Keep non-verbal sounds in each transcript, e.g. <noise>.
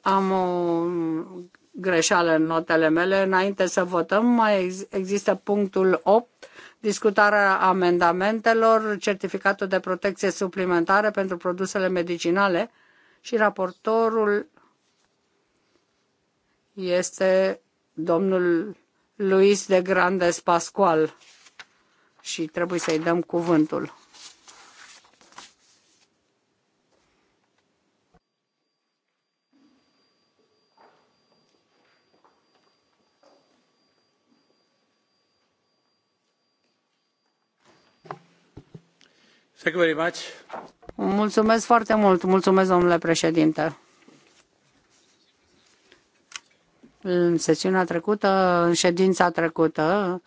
Am o greșeală în notele mele. Înainte să votăm, mai există punctul 8, discutarea amendamentelor, certificatul de protecție suplimentare pentru produsele medicinale și raportorul este domnul Luis de Grandes Pascual și trebuie să-i dăm cuvântul. Mulțumesc foarte mult. Mulțumesc, domnule președinte. În sesiunea trecută, în ședința trecută,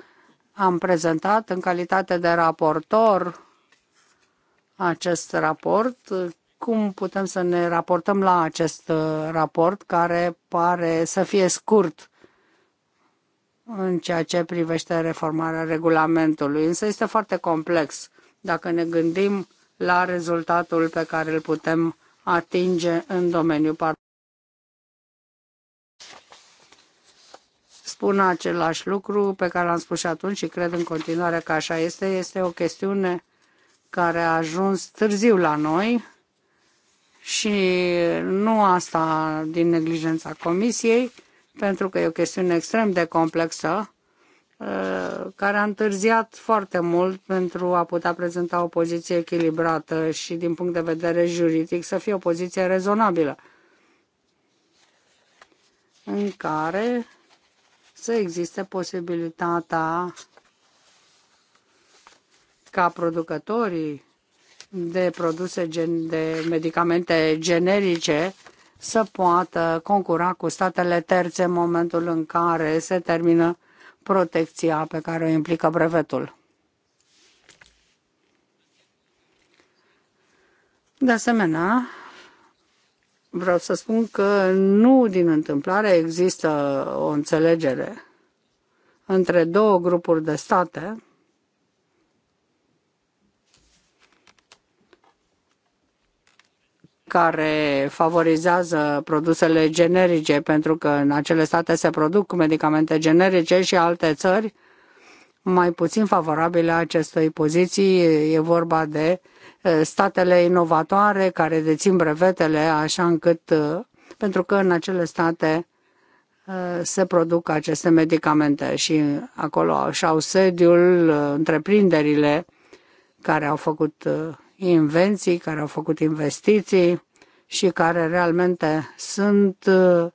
am prezentat în calitate de raportor acest raport. Cum putem să ne raportăm la acest raport care pare să fie scurt în ceea ce privește reformarea regulamentului, însă este foarte complex dacă ne gândim la rezultatul pe care îl putem atinge în domeniul Spun același lucru pe care l-am spus și atunci și cred în continuare că așa este. Este o chestiune care a ajuns târziu la noi și nu asta din neglijența comisiei, pentru că e o chestiune extrem de complexă Uh, care a întârziat foarte mult pentru a putea prezenta o poziție echilibrată și din punct de vedere juridic să fie o poziție rezonabilă în care să existe posibilitatea ca producătorii de produse gen, de medicamente generice să poată concura cu statele terțe în momentul în care se termină protecția pe care o implică brevetul. De asemenea, vreau să spun că nu din întâmplare există o înțelegere între două grupuri de state care favorizează produsele generice, pentru că în acele state se produc medicamente generice și alte țări mai puțin favorabile acestei poziții. E vorba de statele inovatoare care dețin brevetele, așa încât, pentru că în acele state se produc aceste medicamente și acolo și-au sediul întreprinderile care au făcut invenții, care au făcut investiții și care realmente sunt uh,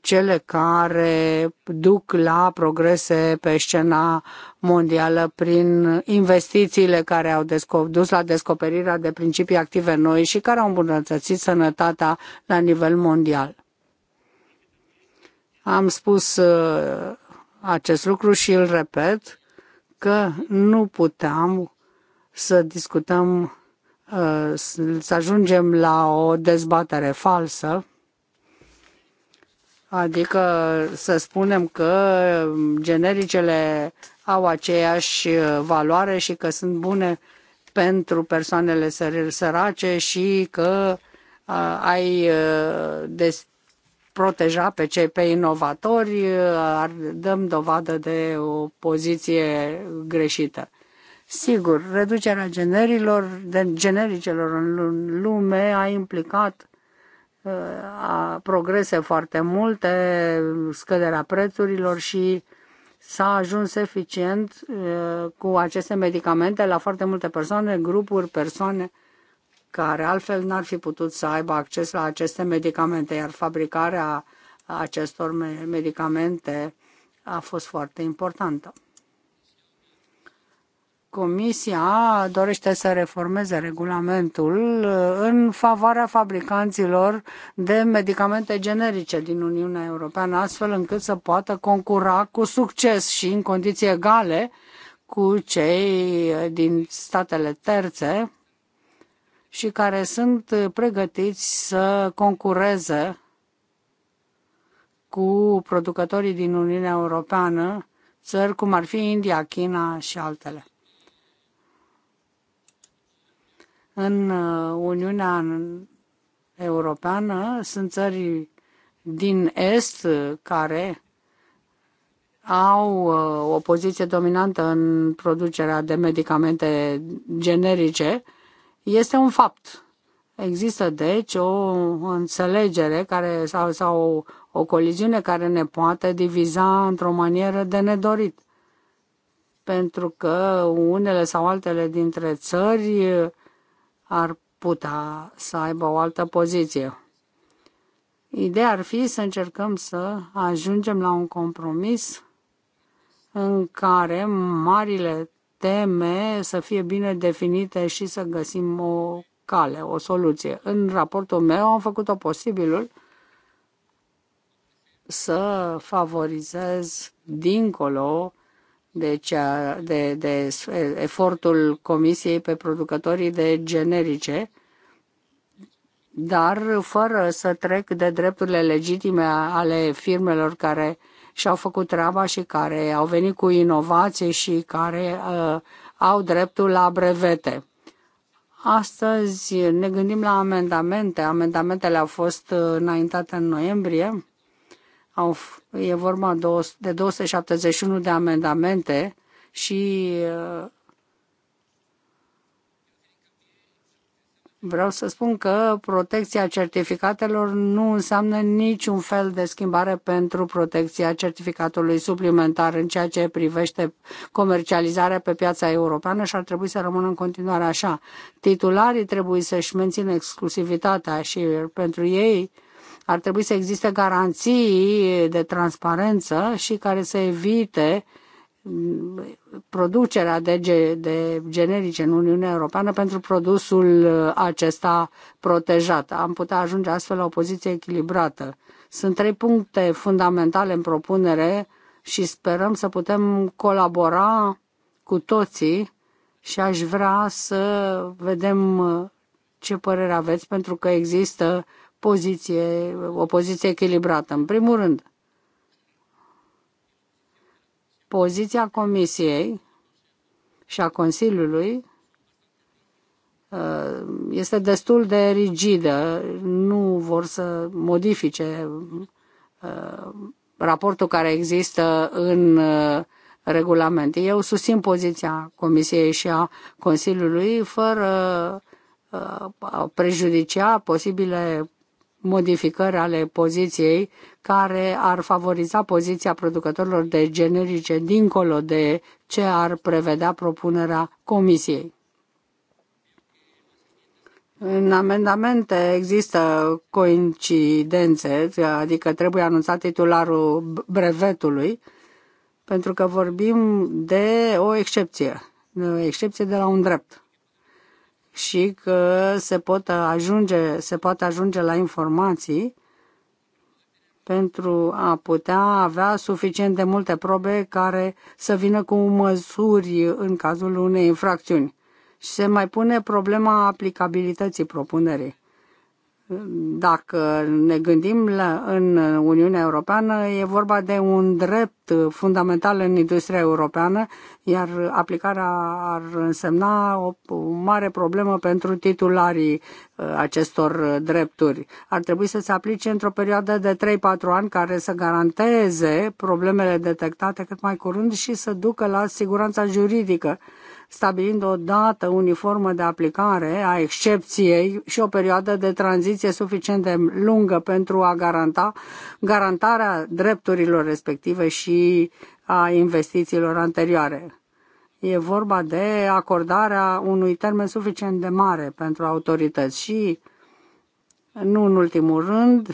cele care duc la progrese pe scena mondială prin investițiile care au dus la descoperirea de principii active noi și care au îmbunătățit sănătatea la nivel mondial. Am spus uh, acest lucru și îl repet că nu puteam să discutăm Uh, să ajungem la o dezbatere falsă, adică să spunem că genericele au aceeași valoare și că sunt bune pentru persoanele sărace și că uh, ai uh, de proteja pe cei pe inovatori, ar dăm dovadă de o poziție greșită. Sigur, reducerea generilor, de genericelor în lume a implicat uh, a progrese foarte multe, scăderea prețurilor și s-a ajuns eficient uh, cu aceste medicamente la foarte multe persoane, grupuri, persoane care altfel n-ar fi putut să aibă acces la aceste medicamente, iar fabricarea acestor medicamente a fost foarte importantă. Comisia dorește să reformeze regulamentul uh, în favoarea fabricanților de medicamente generice din Uniunea Europeană, astfel încât să poată concura cu succes și în condiții egale cu cei din statele terțe și care sunt pregătiți să concureze cu producătorii din Uniunea Europeană, țări cum ar fi India, China și altele. În uh, Uniunea Europeană sunt țări din Est uh, care au uh, o poziție dominantă în producerea de medicamente generice, este un fapt. Există, deci, o înțelegere care, sau, sau o, o coliziune care ne poate diviza într-o manieră de nedorit. Pentru că unele sau altele dintre țări ar putea să aibă o altă poziție. Ideea ar fi să încercăm să ajungem la un compromis în care marile teme să fie bine definite și să găsim o cale, o soluție. În raportul meu am făcut-o posibilul să favorizez dincolo de, deci, cea, de, de efortul Comisiei pe producătorii de generice, dar fără să trec de drepturile legitime ale firmelor care și-au făcut treaba și care au venit cu inovații și care uh, au dreptul la brevete. Astăzi ne gândim la amendamente. Amendamentele au fost înaintate în noiembrie au, e vorba de 271 de amendamente și uh, vreau să spun că protecția certificatelor nu înseamnă niciun fel de schimbare pentru protecția certificatului suplimentar în ceea ce privește comercializarea pe piața europeană și ar trebui să rămână în continuare așa. Titularii trebuie să-și mențină exclusivitatea și pentru ei ar trebui să existe garanții de transparență și care să evite mm, producerea de, ge- de generice în Uniunea Europeană pentru produsul uh, acesta protejat. Am putea ajunge astfel la o poziție echilibrată. Sunt trei puncte fundamentale în propunere și sperăm să putem colabora cu toții și aș vrea să vedem uh, ce părere aveți, pentru că există poziție, o poziție echilibrată. În primul rând, poziția Comisiei și a Consiliului uh, este destul de rigidă, nu vor să modifice uh, raportul care există în uh, regulament. Eu susțin poziția Comisiei și a Consiliului fără a prejudicia posibile modificări ale poziției care ar favoriza poziția producătorilor de generice dincolo de ce ar prevedea propunerea Comisiei. În amendamente există coincidențe, adică trebuie anunțat titularul brevetului, pentru că vorbim de o excepție, de o excepție de la un drept și că se, pot ajunge, se poate ajunge la informații pentru a putea avea suficient de multe probe care să vină cu măsuri în cazul unei infracțiuni. Și se mai pune problema aplicabilității propunerii. Dacă ne gândim la, în Uniunea Europeană, e vorba de un drept fundamental în industria europeană, iar aplicarea ar însemna o, o mare problemă pentru titularii uh, acestor drepturi. Ar trebui să se aplice într-o perioadă de 3-4 ani care să garanteze problemele detectate cât mai curând și să ducă la siguranța juridică stabilind o dată uniformă de aplicare a excepției și o perioadă de tranziție suficient de lungă pentru a garanta garantarea drepturilor respective și a investițiilor anterioare. E vorba de acordarea unui termen suficient de mare pentru autorități și, nu în ultimul rând,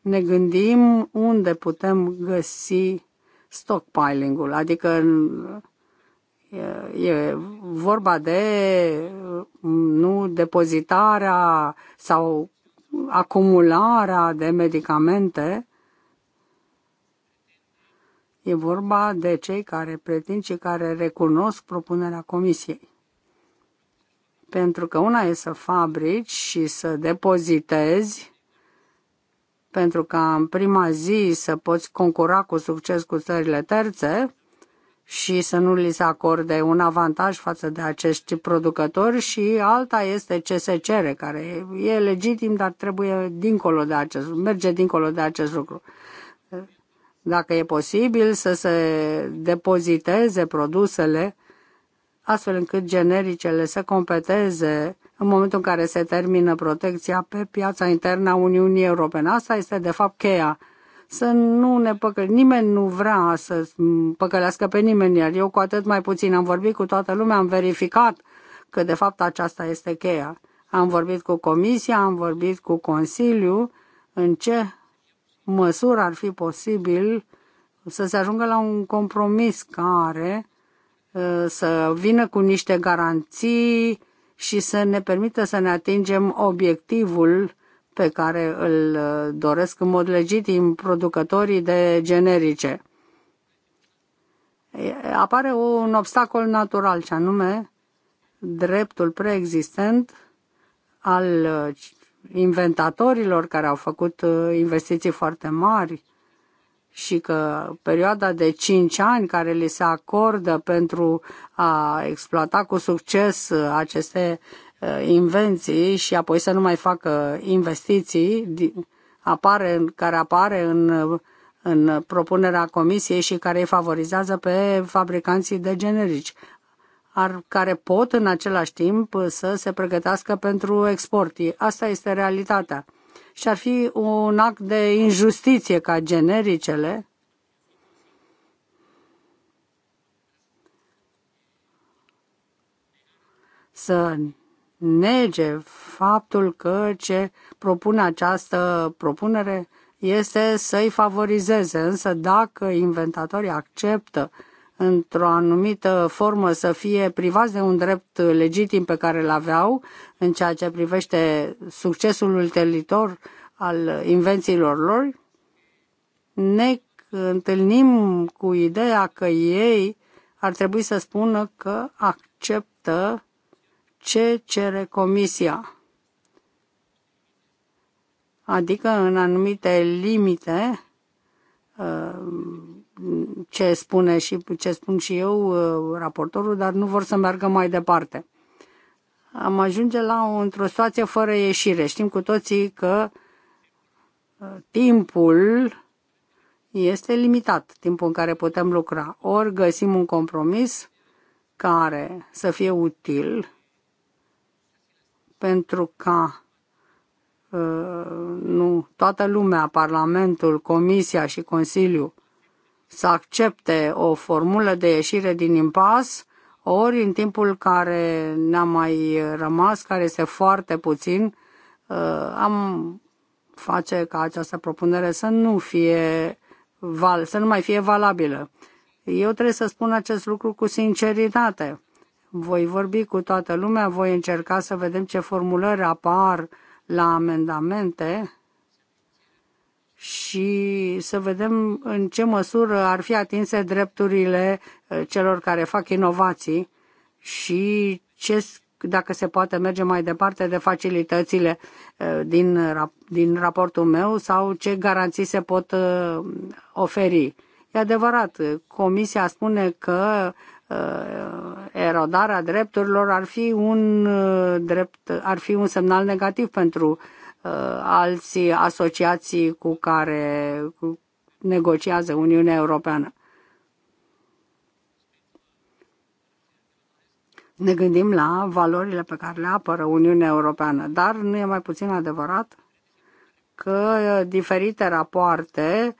ne gândim unde putem găsi stockpiling-ul, adică E vorba de nu depozitarea sau acumularea de medicamente. E vorba de cei care pretind și care recunosc propunerea comisiei. Pentru că una e să fabrici și să depozitezi pentru ca în prima zi să poți concura cu succes cu țările terțe, și să nu li se acorde un avantaj față de acești producători și alta este ce se cere, care e legitim, dar trebuie dincolo de acest, merge dincolo de acest lucru. Dacă e posibil să se depoziteze produsele astfel încât genericele să competeze în momentul în care se termină protecția pe piața internă a Uniunii Europene. Asta este de fapt cheia să nu ne păcăl Nimeni nu vrea să păcălească pe nimeni, iar eu cu atât mai puțin am vorbit cu toată lumea, am verificat că de fapt aceasta este cheia. Am vorbit cu Comisia, am vorbit cu Consiliu în ce măsură ar fi posibil să se ajungă la un compromis care ă, să vină cu niște garanții și să ne permită să ne atingem obiectivul pe care îl uh, doresc în mod legitim producătorii de generice. Apare un obstacol natural, ce anume dreptul preexistent al uh, inventatorilor care au făcut uh, investiții foarte mari și că perioada de 5 ani care li se acordă pentru a exploata cu succes aceste Uh, invenții și apoi să nu mai facă investiții apare, care apare în, în propunerea comisiei și care îi favorizează pe fabricanții de generici, ar, care pot în același timp să se pregătească pentru export. Asta este realitatea. Și ar fi un act de injustiție ca genericele să nege faptul că ce propune această propunere este să-i favorizeze. Însă dacă inventatorii acceptă într-o anumită formă să fie privați de un drept legitim pe care îl aveau în ceea ce privește succesul ulterior al invențiilor lor, ne întâlnim cu ideea că ei ar trebui să spună că acceptă ce cere comisia. Adică în anumite limite, uh, ce spune și ce spun și eu, uh, raportorul, dar nu vor să meargă mai departe. Am ajunge la o, într-o situație fără ieșire. Știm cu toții că uh, timpul este limitat, timpul în care putem lucra. Ori găsim un compromis care să fie util pentru ca ă, nu toată lumea, Parlamentul, Comisia și Consiliul să accepte o formulă de ieșire din impas, ori în timpul care ne-a mai rămas, care este foarte puțin, ă, am face ca această propunere să nu fie val, să nu mai fie valabilă. Eu trebuie să spun acest lucru cu sinceritate. Voi vorbi cu toată lumea, voi încerca să vedem ce formulări apar la amendamente și să vedem în ce măsură ar fi atinse drepturile eh, celor care fac inovații și ce, dacă se poate merge mai departe de facilitățile eh, din, din raportul meu sau ce garanții se pot eh, oferi. E adevărat, Comisia spune că Uh, erodarea drepturilor ar fi un uh, drept, ar fi un semnal negativ pentru uh, alți asociații cu care negociază Uniunea Europeană. Ne gândim la valorile pe care le apără Uniunea Europeană, dar nu e mai puțin adevărat că diferite rapoarte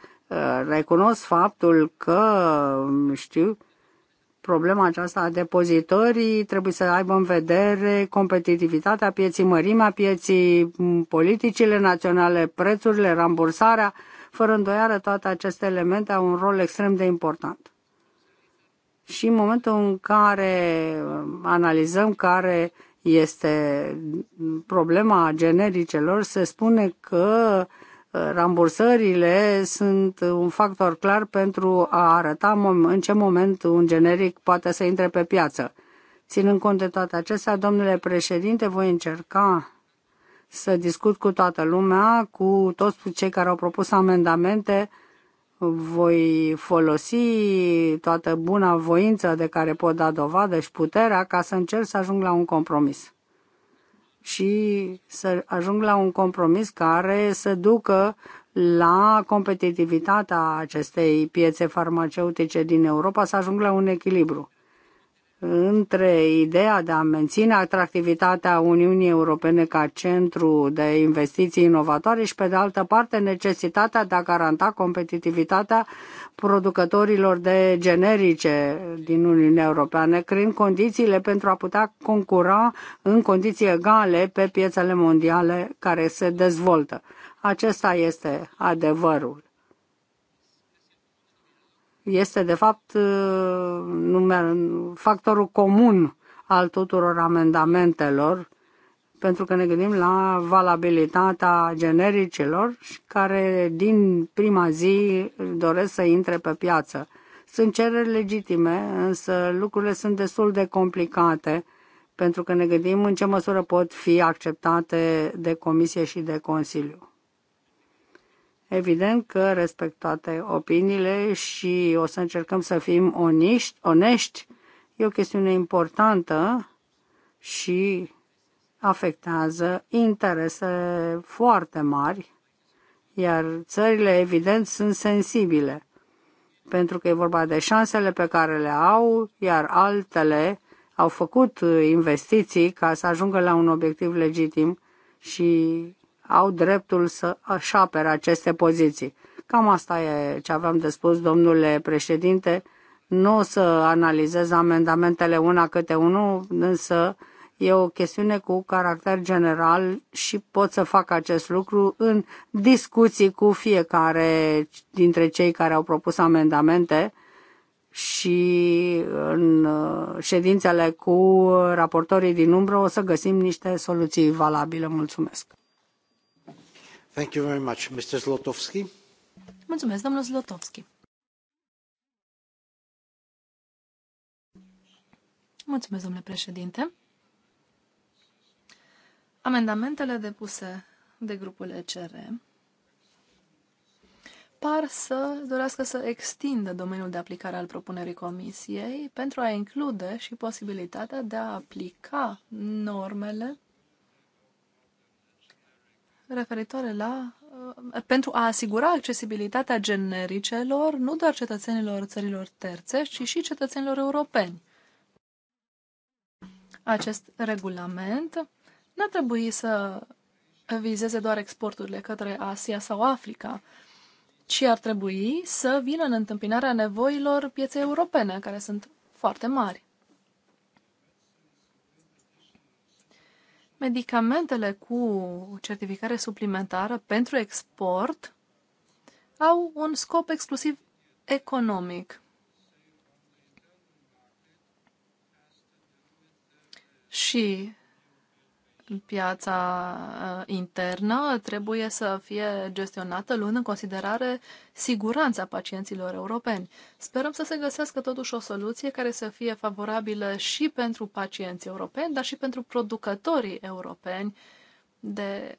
recunosc faptul că, știu, problema aceasta a depozitorii trebuie să aibă în vedere competitivitatea pieții, mărimea pieții, politicile naționale, prețurile, rambursarea. Fără îndoială, toate aceste elemente au un rol extrem de important. Și în momentul în care uh, analizăm care este problema genericelor, se spune că uh, rambursările sunt un factor clar pentru a arăta în ce moment un generic poate să intre pe piață. Ținând cont de toate acestea, domnule președinte, voi încerca să discut cu toată lumea, cu toți cei care au propus amendamente, voi folosi toată buna voință de care pot da dovadă și puterea ca să încerc să ajung la un compromis și să ajung la un compromis care să ducă la competitivitatea acestei piețe farmaceutice din Europa, să ajung la un echilibru între ideea de a menține atractivitatea Uniunii Europene ca centru de investiții inovatoare și, pe de altă parte, necesitatea de a garanta competitivitatea producătorilor de generice din Uniunea Europeană, creând condițiile pentru a putea concura în condiții egale pe piețele mondiale care se dezvoltă. Acesta este adevărul. Este, de fapt, factorul comun al tuturor amendamentelor pentru că ne gândim la valabilitatea genericilor care din prima zi doresc să intre pe piață. Sunt cereri legitime, însă lucrurile sunt destul de complicate pentru că ne gândim în ce măsură pot fi acceptate de Comisie și de Consiliu. Evident că respectate opiniile și o să încercăm să fim oniști, onești. E o chestiune importantă și afectează interese foarte mari, iar țările, evident, sunt sensibile, pentru că e vorba de șansele pe care le au, iar altele au făcut investiții ca să ajungă la un obiectiv legitim și au dreptul să își apere aceste poziții. Cam asta e ce aveam de spus, domnule președinte. Nu o să analizez amendamentele una câte unul, însă E o chestiune cu caracter general și pot să fac acest lucru în discuții cu fiecare dintre cei care au propus amendamente și în uh, ședințele cu raportorii din umbră o să găsim niște soluții valabile. Mulțumesc. Thank you very much, Mr. Zlotowski. Mulțumesc, domnul Zlotowski. Mulțumesc, domnule președinte. Amendamentele depuse de grupul ECR par să dorească să extindă domeniul de aplicare al propunerii comisiei pentru a include și posibilitatea de a aplica normele referitoare la uh, pentru a asigura accesibilitatea genericelor nu doar cetățenilor țărilor terțe, ci și cetățenilor europeni. Acest regulament n-ar trebui să vizeze doar exporturile către Asia sau Africa, ci ar trebui să vină în întâmpinarea nevoilor pieței europene, care sunt foarte mari. Medicamentele cu certificare suplimentară pentru export au un scop exclusiv economic. Și piața uh, internă trebuie să fie gestionată luând în considerare siguranța pacienților europeni. Sperăm să se găsească totuși o soluție care să fie favorabilă și pentru pacienții europeni, dar și pentru producătorii europeni de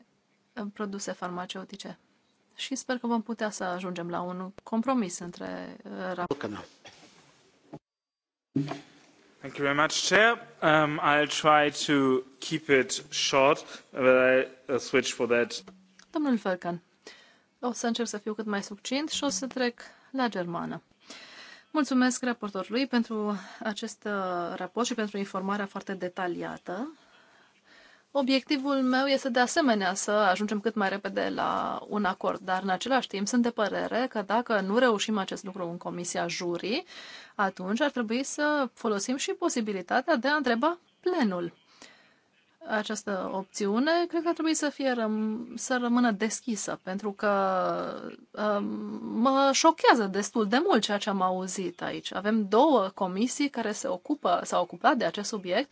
uh, produse farmaceutice. Și sper că vom putea să ajungem la un compromis între uh, raporturi. Thank you very much, Chair. Um, I'll try to keep it short, uh, but I uh, switch for that. Domnul Falcan, o să încerc să fiu cât mai succint și o să trec la germană. Mulțumesc raportorului pentru acest uh, raport și pentru informarea foarte detaliată Obiectivul meu este de asemenea să ajungem cât mai repede la un acord, dar în același timp sunt de părere că dacă nu reușim acest lucru în Comisia Jurii, atunci ar trebui să folosim și posibilitatea de a întreba plenul. Această opțiune cred că ar trebui să, fie răm- să rămână deschisă, pentru că um, mă șochează destul de mult ceea ce am auzit aici. Avem două comisii care se ocupă, s-au ocupat de acest subiect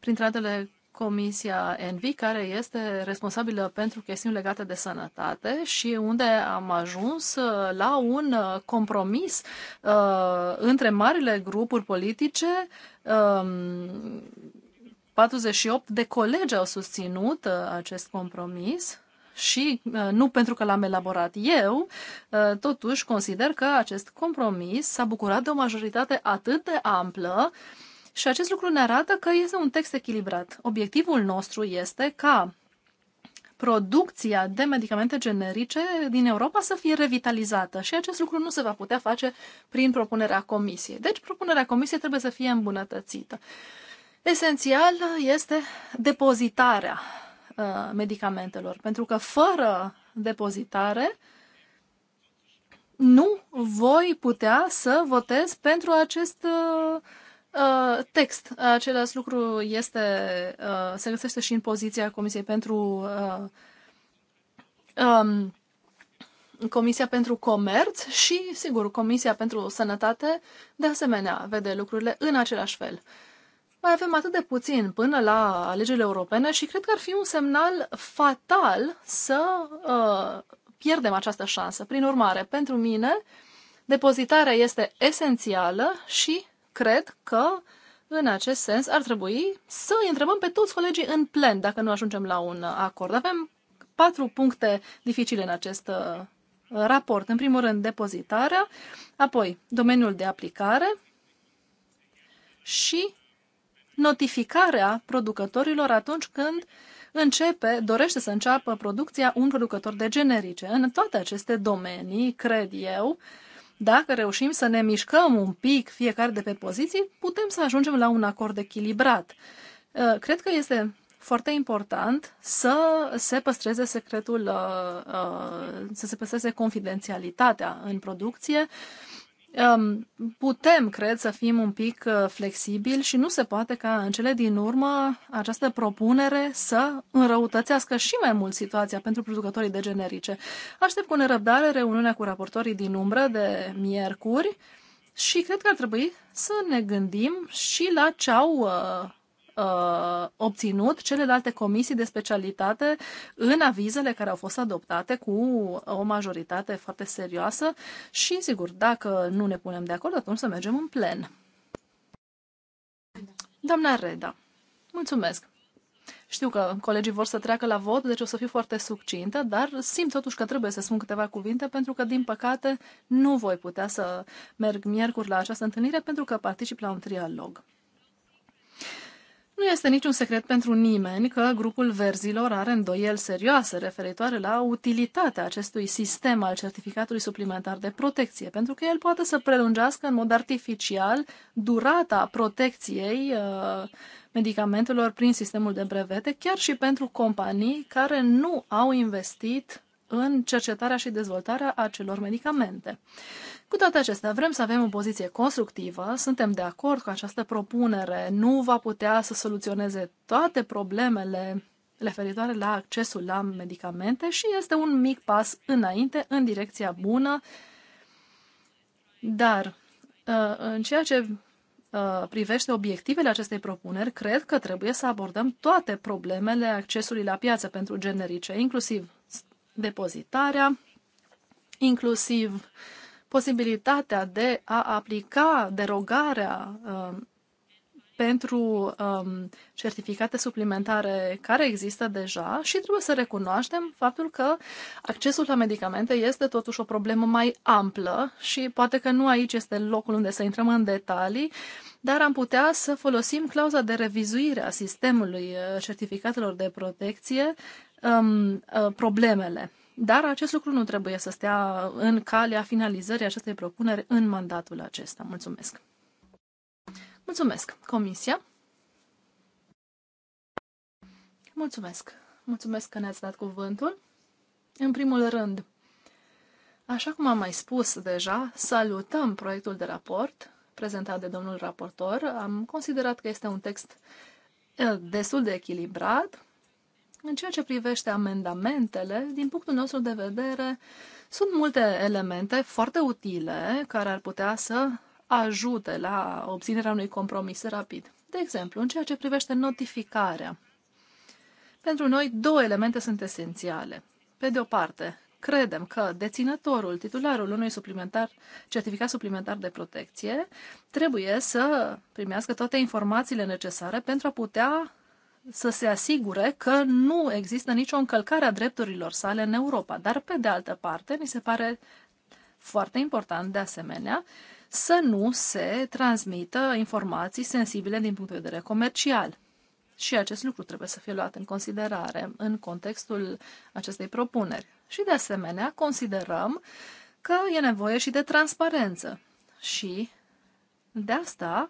printre altele Comisia Envi, care este responsabilă pentru chestiuni legate de sănătate și unde am ajuns uh, la un uh, compromis uh, între marile grupuri politice. 48 um, de colegi au susținut acest compromis și nu pentru că l-am elaborat eu, totuși consider că acest compromis s-a bucurat de o majoritate atât de amplă uh, și acest lucru ne arată că este un text echilibrat. Obiectivul nostru este ca producția de medicamente generice din Europa să fie revitalizată și acest lucru nu se va putea face prin propunerea comisiei. Deci propunerea comisiei trebuie să fie îmbunătățită. Esențial este depozitarea uh, medicamentelor, pentru că fără depozitare nu voi putea să votez pentru acest uh, Uh, text. Același lucru este, uh, se găsește și în poziția Comisiei pentru uh, um, Comisia pentru Comerț și, sigur, Comisia pentru Sănătate, de asemenea, vede lucrurile în același fel. Mai avem atât de puțin până la alegerile europene și cred că ar fi un semnal fatal să uh, pierdem această șansă. Prin urmare, pentru mine, depozitarea este esențială și cred că în acest sens ar trebui să îi întrebăm pe toți colegii în plen dacă nu ajungem la un acord. Avem patru puncte dificile în acest uh, raport. În primul rând, depozitarea, apoi domeniul de aplicare și notificarea producătorilor atunci când începe, dorește să înceapă producția un producător de generice. În toate aceste domenii, cred eu, uh, dacă reușim să ne mișcăm un pic fiecare de pe poziții, putem să ajungem la un acord echilibrat. Uh, cred că este foarte important să se păstreze secretul, uh, uh, să se păstreze confidențialitatea în producție putem, cred, să fim un pic uh, flexibili și nu se poate ca în cele din urmă această propunere să înrăutățească și mai mult situația pentru producătorii de generice. Aștept cu nerăbdare reuniunea cu raportorii din umbră de miercuri și cred că ar trebui să ne gândim și la ce au uh, uh, obținut celelalte comisii de specialitate în avizele care au fost adoptate cu o majoritate foarte serioasă și, sigur, dacă nu ne punem de acord, atunci să mergem în plen. Doamna Reda, mulțumesc! Știu că colegii vor să treacă la vot, deci o să fiu foarte succintă, dar simt totuși că trebuie să spun câteva cuvinte pentru că, din păcate, nu voi putea să merg miercuri la această întâlnire pentru că particip la un trialog. Nu este niciun secret pentru nimeni că grupul verzilor are îndoieli serioase referitoare la utilitatea acestui sistem al certificatului suplimentar de protecție, pentru că el poate să prelungească în mod artificial durata protecției uh, medicamentelor prin sistemul de brevete, chiar și pentru companii care nu au investit în cercetarea și dezvoltarea acelor medicamente. Cu toate acestea, vrem să avem o poziție constructivă, suntem de acord că această propunere nu va putea să soluționeze toate problemele referitoare la accesul la medicamente și este un mic pas înainte, în direcția bună, dar uh, în ceea ce uh, privește obiectivele acestei propuneri, cred că trebuie să abordăm toate problemele accesului la piață pentru generice, inclusiv depozitarea, inclusiv posibilitatea de a aplica derogarea uh, pentru um, certificate suplimentare care există deja și trebuie să recunoaștem faptul că accesul la medicamente este totuși o problemă mai amplă și poate că nu aici este locul unde să intrăm în detalii, dar am putea să folosim clauza de revizuire a sistemului uh, certificatelor de protecție um, uh, problemele. Dar acest lucru nu trebuie să stea în calea finalizării acestei propuneri în mandatul acesta. Mulțumesc! Mulțumesc, Comisia! Mulțumesc! Mulțumesc că ne-ați dat cuvântul. În primul rând, așa cum am mai spus deja, salutăm proiectul de raport prezentat de domnul raportor. Am considerat că este un text eh, destul de echilibrat, în ceea ce privește amendamentele, din punctul nostru de vedere, sunt multe elemente foarte utile care ar putea să ajute la obținerea unui compromis rapid. De exemplu, în ceea ce privește notificarea. Pentru noi, două elemente sunt esențiale. Pe de o parte, credem că deținătorul, titularul unui suplimentar, certificat suplimentar de protecție, trebuie să primească toate informațiile necesare pentru a putea să se asigure că nu există nicio încălcare a drepturilor sale în Europa. Dar, pe de altă parte, mi se pare foarte important, de asemenea, să nu se transmită informații sensibile din punct de vedere comercial. Și acest lucru trebuie să fie luat în considerare în contextul acestei propuneri. Și, de asemenea, considerăm că e nevoie și de transparență. Și de asta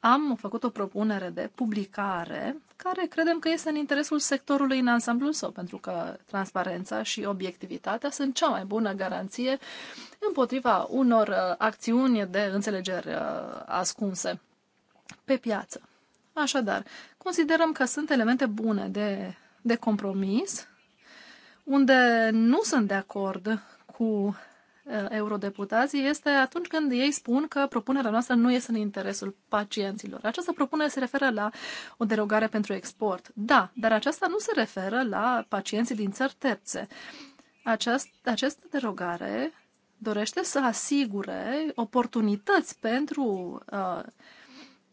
am făcut o propunere de publicare care credem că este în interesul sectorului în ansamblu său, pentru că transparența și obiectivitatea sunt cea mai bună garanție împotriva unor uh, acțiuni de înțelegeri uh, ascunse pe piață. Așadar, considerăm că sunt elemente bune de, de compromis, unde nu sunt de acord cu Uh, eurodeputații este atunci când ei spun că propunerea noastră nu este în interesul pacienților. Această propunere se referă la o derogare pentru export. Da, dar aceasta nu se referă la pacienții din țări terțe. Aceast, această derogare dorește să asigure oportunități pentru uh,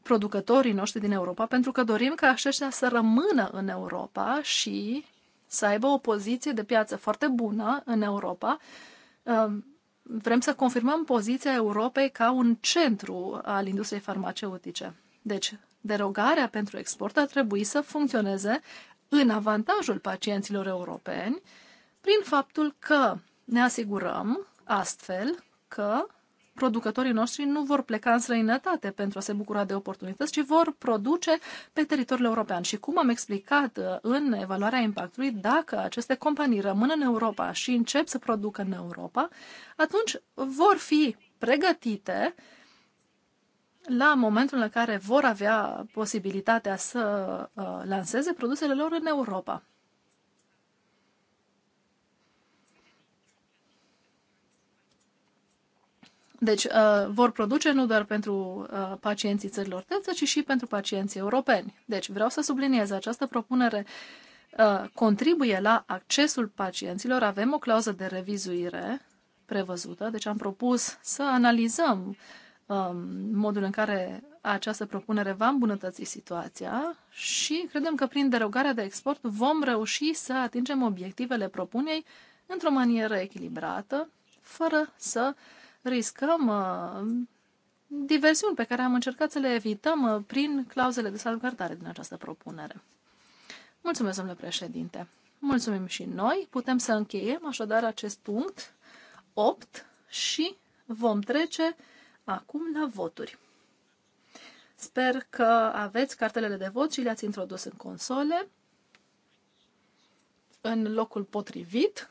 producătorii noștri din Europa, pentru că dorim ca aceștia să rămână în Europa și să aibă o poziție de piață foarte bună în Europa, uh, vrem să confirmăm poziția Europei ca un centru al industriei farmaceutice. Deci, derogarea pentru export ar trebui să funcționeze în avantajul pacienților europeni prin faptul că ne asigurăm astfel că producătorii noștri nu vor pleca în străinătate pentru a se bucura de oportunități, ci vor produce pe teritoriul european. Și cum am explicat uh, în evaluarea impactului, dacă aceste companii rămân în Europa și încep să producă în Europa, atunci vor fi pregătite la momentul în care vor avea posibilitatea să uh, lanseze produsele lor în Europa. Deci uh, vor produce nu doar pentru uh, pacienții țărilor terțe, ci și pentru pacienții europeni. Deci vreau să subliniez această propunere uh, contribuie la accesul pacienților. Avem o clauză de revizuire prevăzută, deci am propus să analizăm um, modul în care această propunere va îmbunătăți situația și credem că prin derogarea de export vom reuși să atingem obiectivele propunei într-o manieră echilibrată, fără să uh, riscăm uh, diversiuni pe care am încercat să le evităm uh, prin clauzele de salvgardare din această propunere. Mulțumesc, domnule președinte. Mulțumim și noi. Putem să încheiem așadar acest punct 8 și vom trece acum la voturi. Sper că aveți cartelele de vot și le-ați introdus în console, în locul potrivit.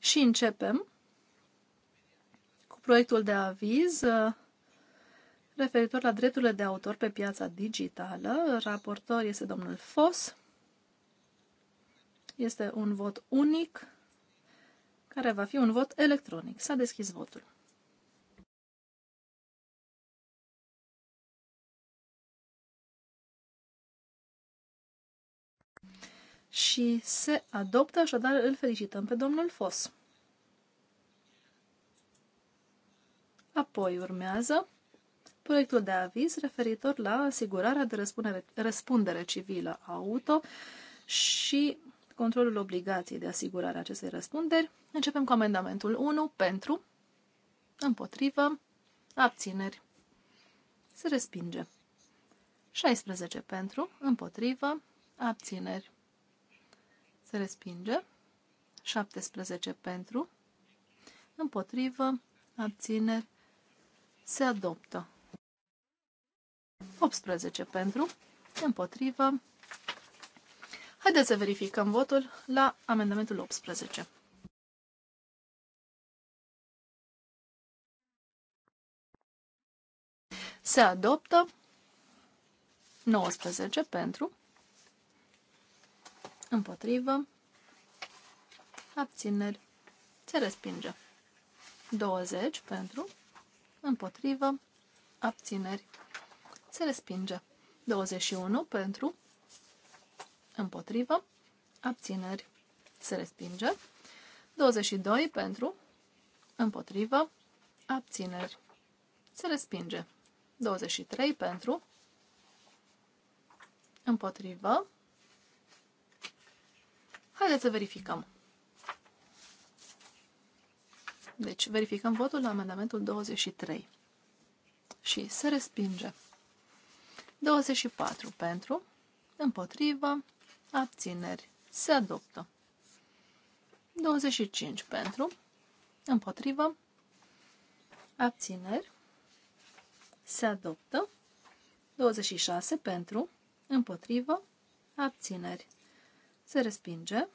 Și începem cu proiectul de aviz uh, referitor la drepturile de autor pe piața digitală. Raportor este domnul Fos. Este un vot unic care va fi un vot electronic. S-a deschis votul. și se adoptă, așadar îl felicităm pe domnul Fos. Apoi urmează proiectul de aviz referitor la asigurarea de răspundere, răspundere civilă auto și controlul obligației de asigurare a acestei răspunderi. Începem cu amendamentul 1 pentru, împotrivă, abțineri. Se respinge. 16 pentru, împotrivă, abțineri se respinge. 17 pentru, împotrivă, abțineri, se adoptă. 18 pentru, împotrivă. Haideți să verificăm votul la amendamentul 18. Se adoptă 19 pentru, împotrivă, abțineri, se respinge. 20 pentru, împotrivă, abțineri, se respinge. 21 pentru, împotrivă, abțineri, se respinge. 22 pentru, împotrivă, abțineri, se respinge. 23 pentru, împotrivă, Haideți să verificăm. Deci, verificăm votul la amendamentul 23. Și se respinge. 24 pentru, împotrivă, abțineri, se adoptă. 25 pentru, împotrivă, abțineri, se adoptă. 26 pentru, împotrivă, abțineri, se respinge.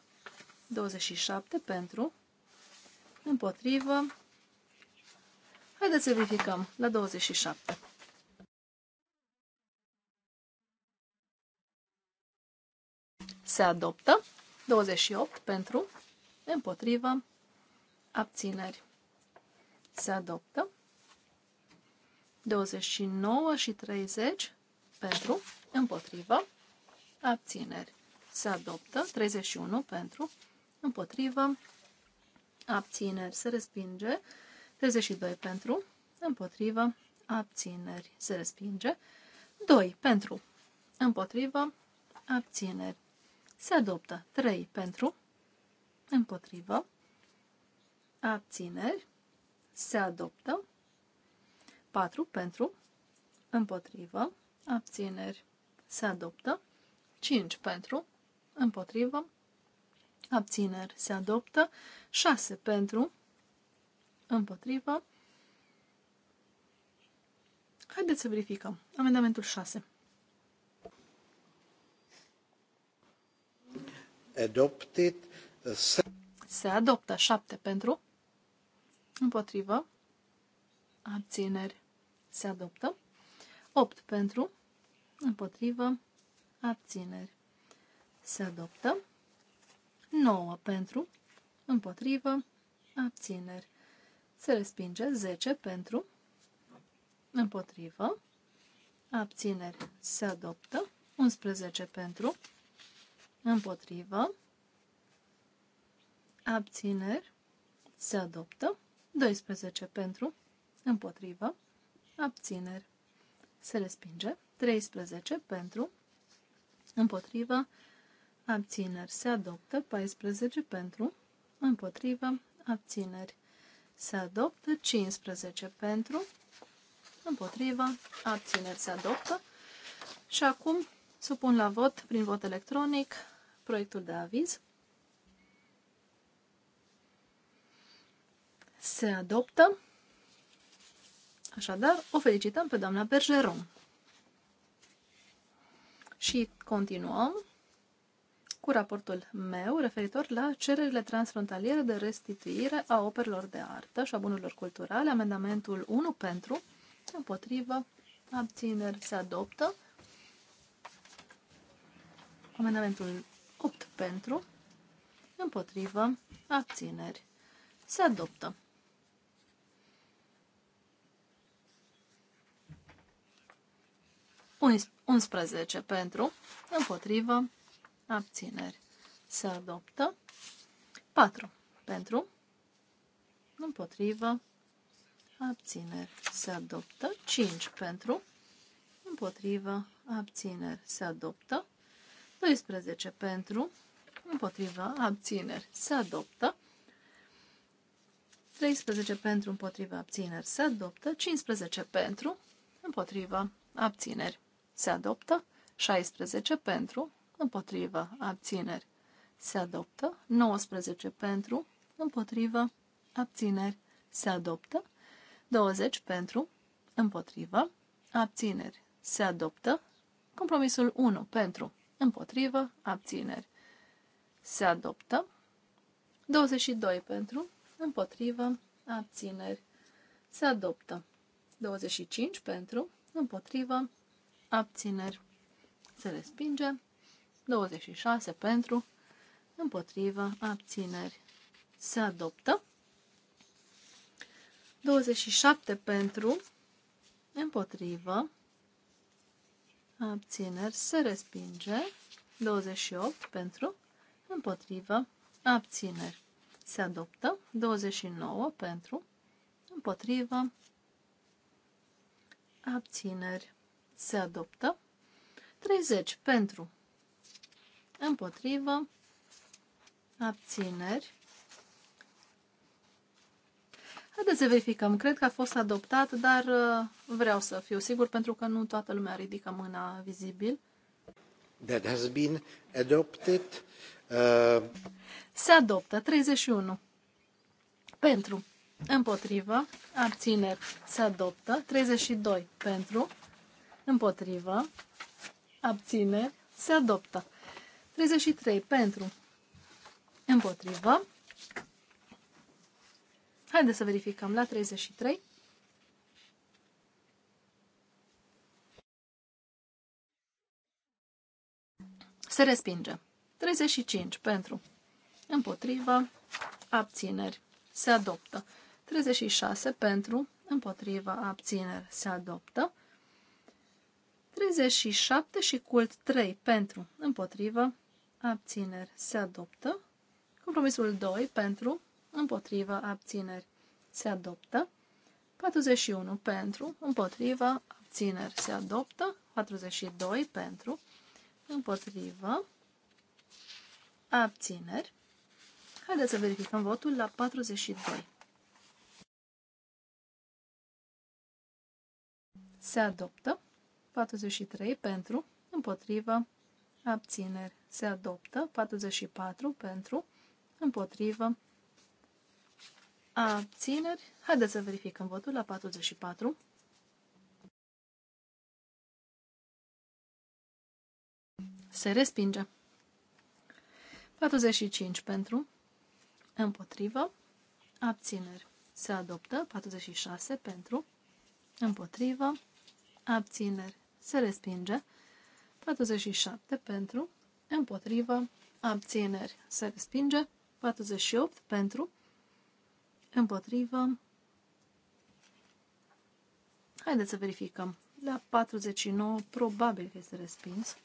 27 pentru, împotrivă. Haideți să verificăm la 27. Se adoptă 28 pentru, împotrivă, abțineri. Se adoptă 29 și 30 pentru, împotrivă, abțineri se adoptă, 31 pentru, împotrivă, abțineri, se respinge, 32 pentru, împotrivă, abțineri, se respinge, 2 pentru, împotrivă, abțineri, se adoptă, 3 pentru, împotrivă, abțineri, se adoptă, 4 pentru, împotrivă, abțineri, se adoptă, 5 pentru, împotrivă, abțineri se adoptă, 6 pentru, împotrivă. Haideți să verificăm. Amendamentul 6. Adopted. Se adoptă 7 pentru, împotrivă, abțineri se adoptă, 8 pentru, împotrivă, abțineri se adoptă. 9 pentru, împotrivă, abțineri. Se respinge 10 pentru, împotrivă, abțineri. Se adoptă 11 pentru, împotrivă, abțineri. Se adoptă 12 pentru, împotrivă, abțineri. Se respinge 13 pentru, împotrivă, abțineri abțineri se adoptă, 14 pentru, împotrivă, abțineri se adoptă, 15 pentru, împotrivă, abțineri se adoptă. Și acum supun la vot, prin vot electronic, proiectul de aviz. Se adoptă. Așadar, o felicităm pe doamna Bergeron. Și continuăm cu raportul meu referitor la cererile transfrontaliere de restituire a operelor de artă și a bunurilor culturale, amendamentul 1 pentru, împotrivă, abțineri se adoptă, amendamentul 8 pentru, împotrivă, abțineri se adoptă. Unis 11 pentru, împotrivă, abțineri se adoptă. 4 pentru, împotrivă, abțineri se adoptă. 5 pentru, împotrivă, abțineri se adoptă. 12 pentru, împotrivă, abțineri se adoptă. 13 pentru, împotrivă, abțineri se adoptă, 15 pentru, împotrivă, abțineri se adoptă, 16 pentru, împotrivă, abțineri, se adoptă. 19 pentru, împotrivă, abțineri, se adoptă. 20 pentru, împotrivă, abțineri, se adoptă. Compromisul 1 pentru, împotrivă, abțineri, se adoptă. 22 pentru, împotrivă, abțineri, se adoptă. 25 pentru, împotrivă, abțineri, se respinge. 26 pentru, împotrivă, abțineri, se adoptă. 27 pentru, împotrivă, abțineri, se respinge. 28 pentru, împotrivă, abțineri, se adoptă. 29 pentru, împotrivă, abțineri, se adoptă. 30 pentru, împotrivă, abțineri. Haideți să verificăm. Cred că a fost adoptat, dar uh, vreau să fiu sigur pentru că nu toată lumea ridică mâna vizibil. That has been adopted. Uh... Se adoptă 31 pentru împotrivă, abțineri se adoptă 32 pentru împotrivă, abțineri se adoptă 33 pentru împotrivă. Haideți să verificăm la 33. Se respinge. 35 pentru împotrivă, abțineri, se adoptă. 36 pentru împotrivă, abțineri, se adoptă. 37 și cult 3 pentru împotrivă, abțineri se adoptă. Compromisul 2 pentru, împotriva abțineri se adoptă. 41 pentru, împotriva abțineri se adoptă. 42 pentru, împotriva abțineri. Haideți să verificăm votul la 42. Se adoptă. 43 pentru, împotrivă, abțineri se adoptă, 44 pentru, împotrivă, abțineri. Haideți să verificăm votul la 44. Se respinge. 45 pentru, împotrivă, abțineri. Se adoptă 46 pentru, împotrivă, abțineri. Se respinge 47 pentru, împotrivă, abțineri se respinge, 48 pentru, împotrivă. Haideți să verificăm. La 49 probabil că este respins.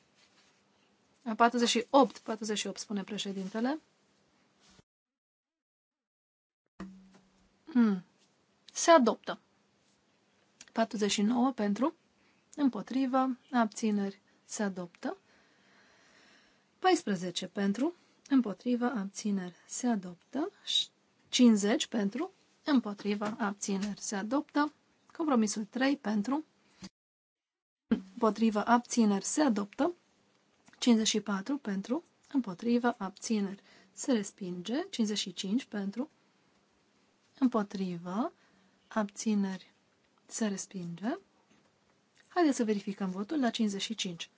La 48, 48 spune președintele. Hmm. Se adoptă. 49 pentru, împotriva, abțineri se adoptă. 14 pentru, împotriva, abțineri, se adoptă. 50 pentru, împotriva, abțineri, se adoptă. Compromisul 3 pentru, împotriva, abțineri, se adoptă. 54 pentru, împotriva, abțineri, se respinge. 55 pentru, împotriva, abțineri, se respinge. Haideți să verificăm votul la 55.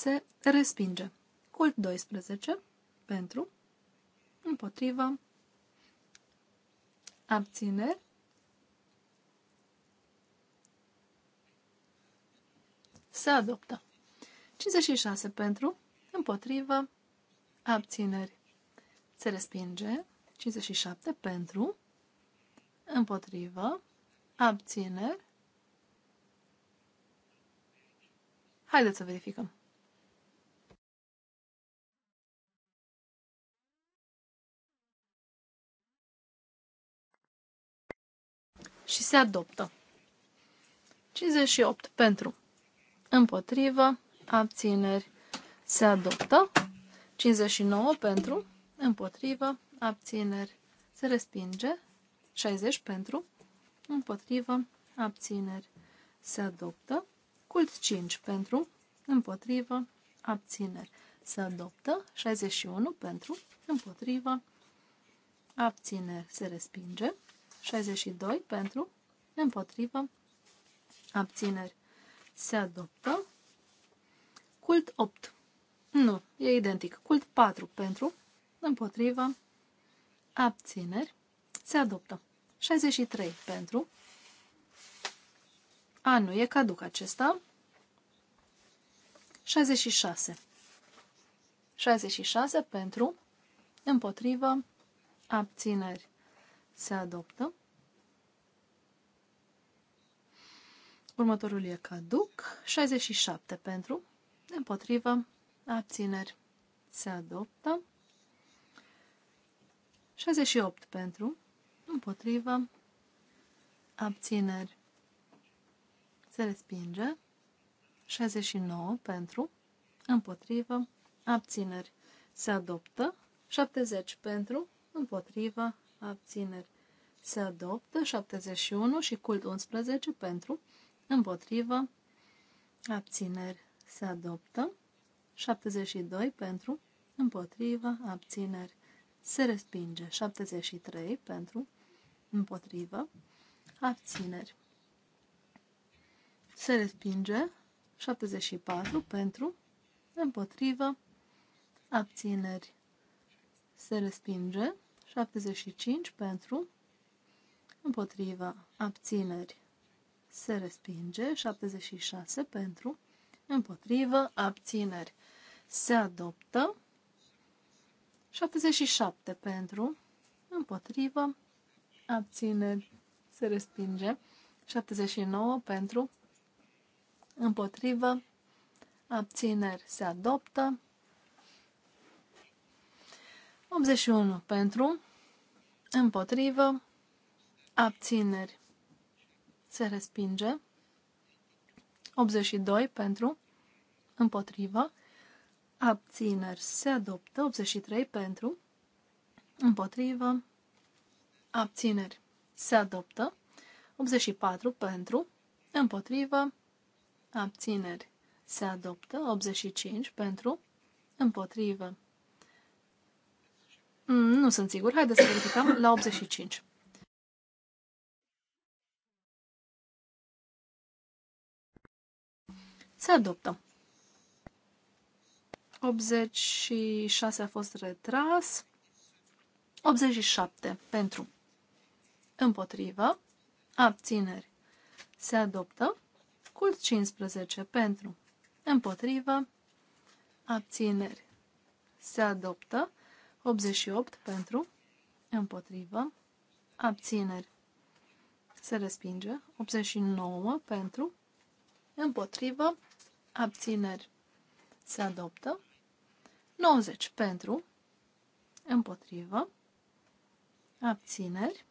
se respinge. Cult 12 pentru, împotrivă, abțineri, se adoptă. 56 pentru, împotrivă, abțineri, se respinge. 57 pentru, împotrivă, abțineri. Haideți să verificăm. și se adoptă. 58 pentru, împotrivă, abțineri, se adoptă. 59 pentru, împotrivă, abțineri, se respinge. 60 pentru, împotrivă, abțineri, se adoptă. Cult 5 pentru, împotrivă, abțineri, se adoptă. 61 pentru, împotrivă, abțineri, se respinge. 62 pentru, împotrivă, abțineri se adoptă. Cult 8. Nu, e identic. Cult 4 pentru, împotrivă, abțineri se adoptă. 63 pentru. A, nu, e caduc acesta. 66. 66 pentru, împotrivă, abțineri se adoptă. Următorul e caduc. 67 pentru. Împotrivă. Abțineri. Se adoptă. 68 pentru. Împotrivă. Abțineri. Se respinge. 69 pentru. Împotrivă. Abțineri. Se adoptă. 70 pentru. Împotrivă abțineri se adoptă, 71 și cult 11 pentru, împotrivă, abțineri se adoptă, 72 pentru, împotrivă, abțineri se respinge, 73 pentru, împotrivă, abțineri se respinge, 74 pentru, împotrivă, abțineri se respinge, 75 pentru, împotriva, abțineri, se respinge. 76 pentru, împotrivă, abțineri, se adoptă. 77 pentru, împotrivă, abțineri, se respinge. 79 pentru, împotrivă, abțineri, se adoptă. 81 pentru, împotrivă, abțineri, se respinge. 82 pentru, împotrivă, abțineri, se adoptă. 83 pentru, împotrivă, abțineri, se adoptă. 84 pentru, împotrivă, abțineri, se adoptă. 85 pentru, împotrivă, Mm, nu sunt sigur. Haideți să verificăm la 85. <coughs> Se adoptă. 86 a fost retras. 87 pentru împotrivă. Abțineri. Se adoptă. Cult 15 pentru împotrivă. Abțineri. Se adoptă. 88 pentru, împotrivă, abțineri, se respinge. 89 pentru, împotrivă, abțineri, se adoptă. 90 pentru, împotrivă, abțineri,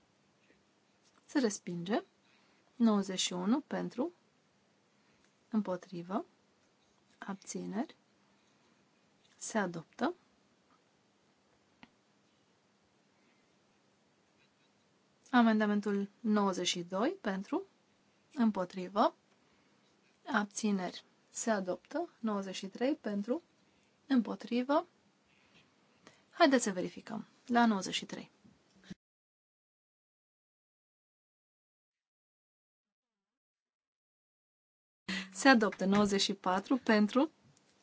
se respinge. 91 pentru, împotrivă, abțineri, se adoptă. Amendamentul 92 pentru, împotrivă, abțineri se adoptă, 93 pentru, împotrivă. Haideți să verificăm. La 93. Se adoptă 94 pentru,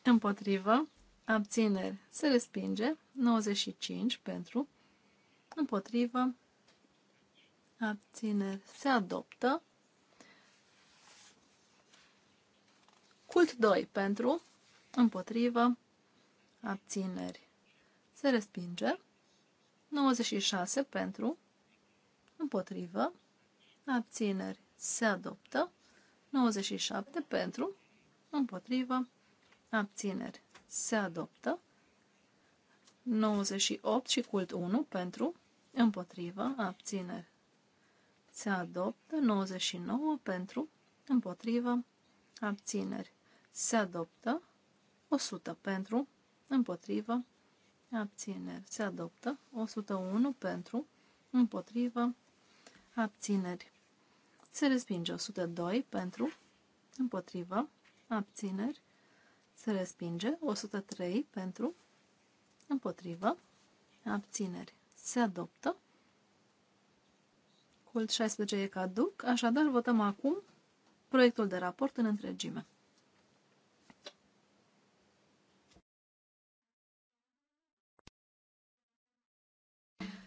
împotrivă, abțineri se respinge, 95 pentru, împotrivă, abțineri, se adoptă. Cult 2 pentru, împotrivă, abțineri, se respinge. 96 pentru, împotrivă, abțineri, se adoptă. 97 pentru, împotrivă, abțineri, se adoptă. 98 și cult 1 pentru, împotrivă, abțineri, se adoptă, 99 pentru, împotrivă, abțineri, se adoptă, 100 pentru, împotrivă, abțineri, se adoptă, 101 pentru, împotrivă, abțineri, se respinge, 102 pentru, împotrivă, abțineri, se respinge, 103 pentru, împotrivă, abțineri, se adoptă, Cult 16 e caduc, așadar votăm acum proiectul de raport în întregime.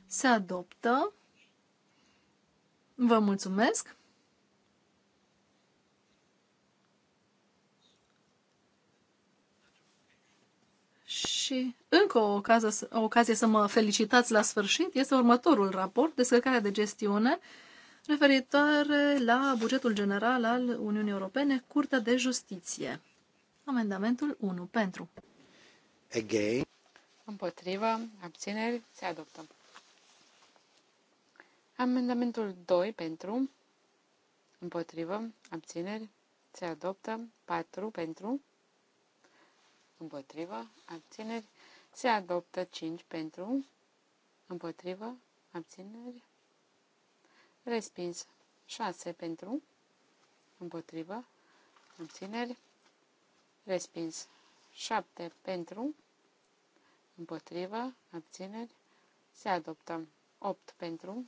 Se adoptă. Vă mulțumesc! și încă o ocazie, o ocazie să mă felicitați la sfârșit este următorul raport, descărcarea de gestiune, referitoare la bugetul general al Uniunii Europene, Curtea de Justiție. Amendamentul 1 pentru. Again. Împotrivă, abțineri, se adoptă. Amendamentul 2 pentru, împotrivă, abțineri, se adoptă. 4 pentru, împotrivă, abțineri, se adoptă 5 pentru, împotrivă, abțineri, respins 6 pentru, împotrivă, abțineri, respins 7 pentru, împotrivă, abțineri, se adoptă 8 pentru,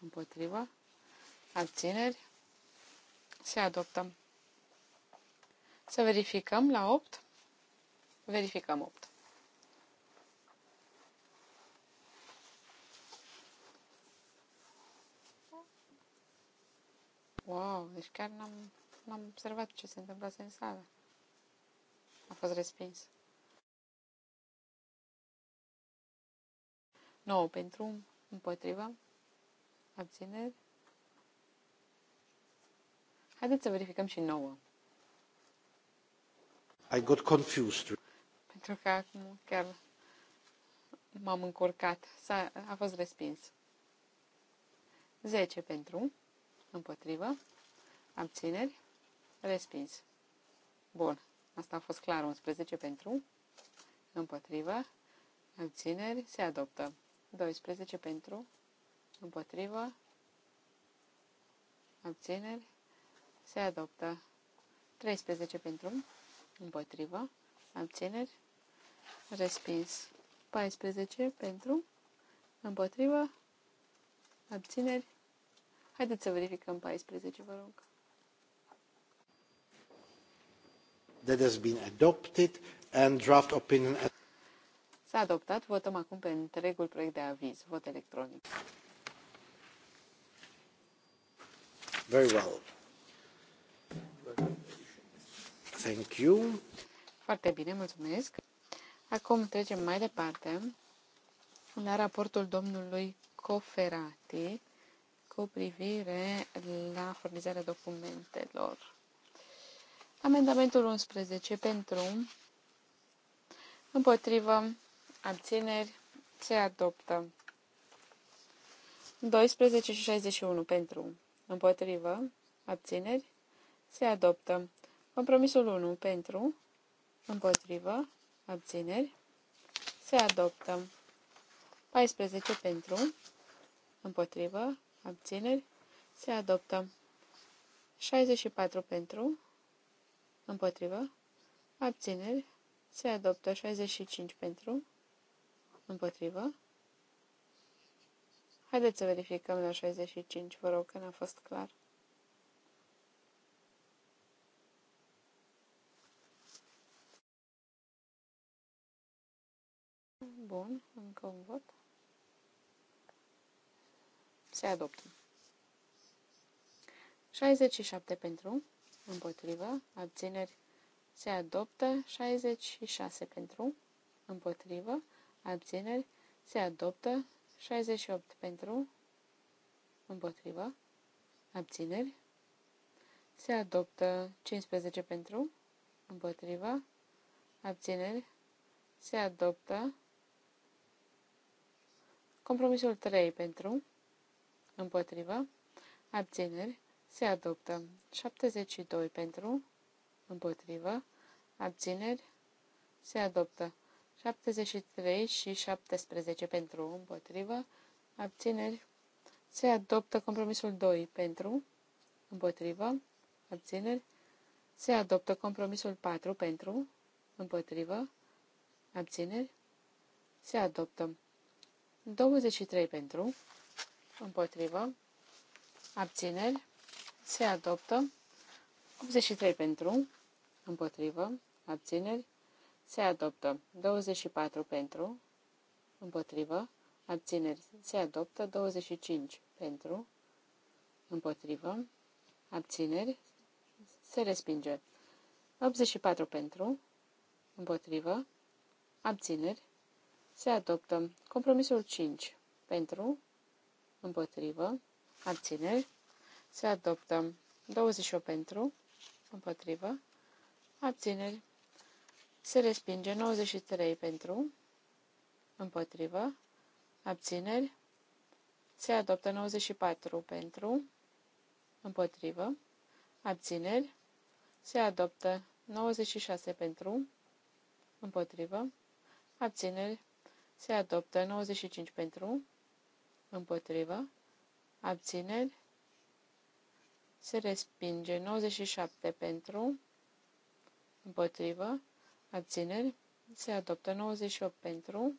împotrivă, abțineri, se adoptă. Să verificăm la 8. Verificăm 8. Wow, deci chiar n-am, n-am observat ce se întâmplă în sală. A fost respins. 9 pentru, împotriva, abțineri. Haideți să verificăm și 9. I got confused pentru că acum chiar m-am încurcat. S-a, a fost respins. 10 pentru, împotrivă, abțineri, respins. Bun, asta a fost clar, 11 pentru, împotrivă, abțineri, se adoptă. 12 pentru, împotrivă, abțineri, se adoptă. 13 pentru, împotrivă, abțineri, respins. 14 pentru, împotrivă, abțineri. Haideți să verificăm 14, vă rog. That has been adopted and draft opinion. S-a adoptat, votăm acum pe întregul proiect de aviz, vot electronic. Very well. Thank you. Foarte bine, mulțumesc. Acum trecem mai departe la raportul domnului Coferati cu privire la furnizarea documentelor. Amendamentul 11 pentru, împotrivă, abțineri, se adoptă. 12 și 61 pentru, împotrivă, abțineri, se adoptă. Compromisul 1 pentru, împotrivă, abțineri, se adoptă. 14 pentru, împotrivă, abțineri, se adoptă. 64 pentru, împotrivă, abțineri, se adoptă. 65 pentru, împotrivă. Haideți să verificăm la 65, vă rog, că n-a fost clar. Bun, încă un vot. Se adoptă. 67 pentru, împotrivă, abțineri, se adoptă. 66 pentru, împotrivă, abțineri, se adoptă. 68 pentru, împotrivă, abțineri, se adoptă. 15 pentru, împotrivă, abțineri, se adoptă. Compromisul 3 pentru, împotrivă, abțineri, se adoptă. 72 pentru, împotrivă, abțineri, se adoptă. 73 și 17 pentru, împotrivă, abțineri, se adoptă. Compromisul 2 pentru, împotrivă, abțineri, se adoptă. Compromisul 4 pentru, împotrivă, abțineri, se adoptă. 23 pentru, împotrivă, abțineri, se adoptă. 83 pentru, împotrivă, abțineri, se adoptă. 24 pentru, împotrivă, abțineri, se adoptă. 25 pentru, împotrivă, abțineri, se respinge. 84 pentru, împotrivă, abțineri, se adoptă. Compromisul 5. Pentru, împotrivă, abțineri. Se adoptă. 28 pentru, împotrivă, abțineri. Se respinge 93 pentru, împotrivă, abțineri. Se adoptă 94 pentru, împotrivă, abțineri. Se adoptă 96 pentru, împotrivă, abțineri. Se adoptă 95 pentru, împotrivă, abțineri, se respinge 97 pentru, împotrivă, abțineri, se adoptă 98 pentru,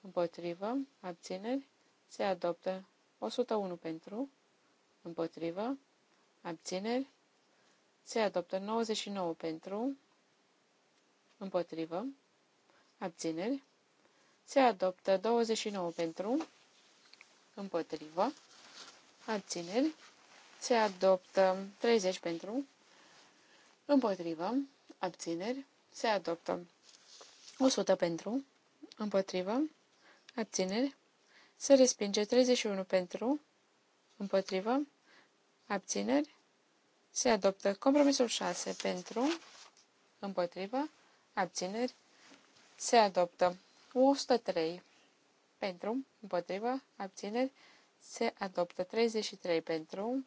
împotrivă, abțineri, se adoptă 101 pentru, împotrivă, abțineri, se adoptă 99 pentru, împotrivă, abțineri, se adoptă 29 pentru, împotrivă, abțineri. Se adoptă 30 pentru, împotrivă, abțineri. Se adoptă 100 pentru, împotrivă, abțineri. Se respinge 31 pentru, împotrivă, abțineri. Se adoptă compromisul 6 pentru, împotrivă, abțineri. Se adoptă 103 pentru, împotrivă, abțineri, se adoptă 33 pentru,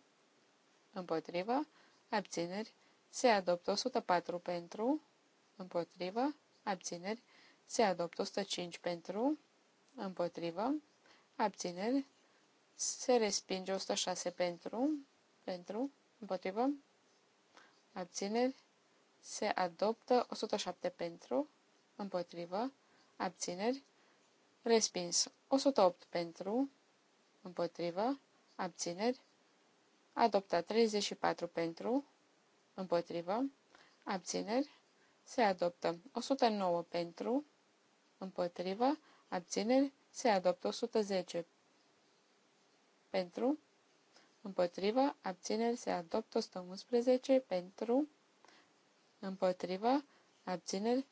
împotrivă, abțineri, se adoptă 104 pentru, împotrivă, abțineri, se adoptă 105 pentru, împotrivă, abțineri, se respinge 106 pentru, pentru, împotrivă, abțineri, se adoptă 107 pentru, împotrivă, abțineri, respins. 108 pentru, împotrivă, abțineri, adoptat. 34 pentru, împotrivă, abțineri, se adoptă. 109 pentru, împotrivă, abțineri, se adoptă. 110 pentru, împotrivă, abțineri, se adoptă. 111 pentru, împotrivă, abțineri,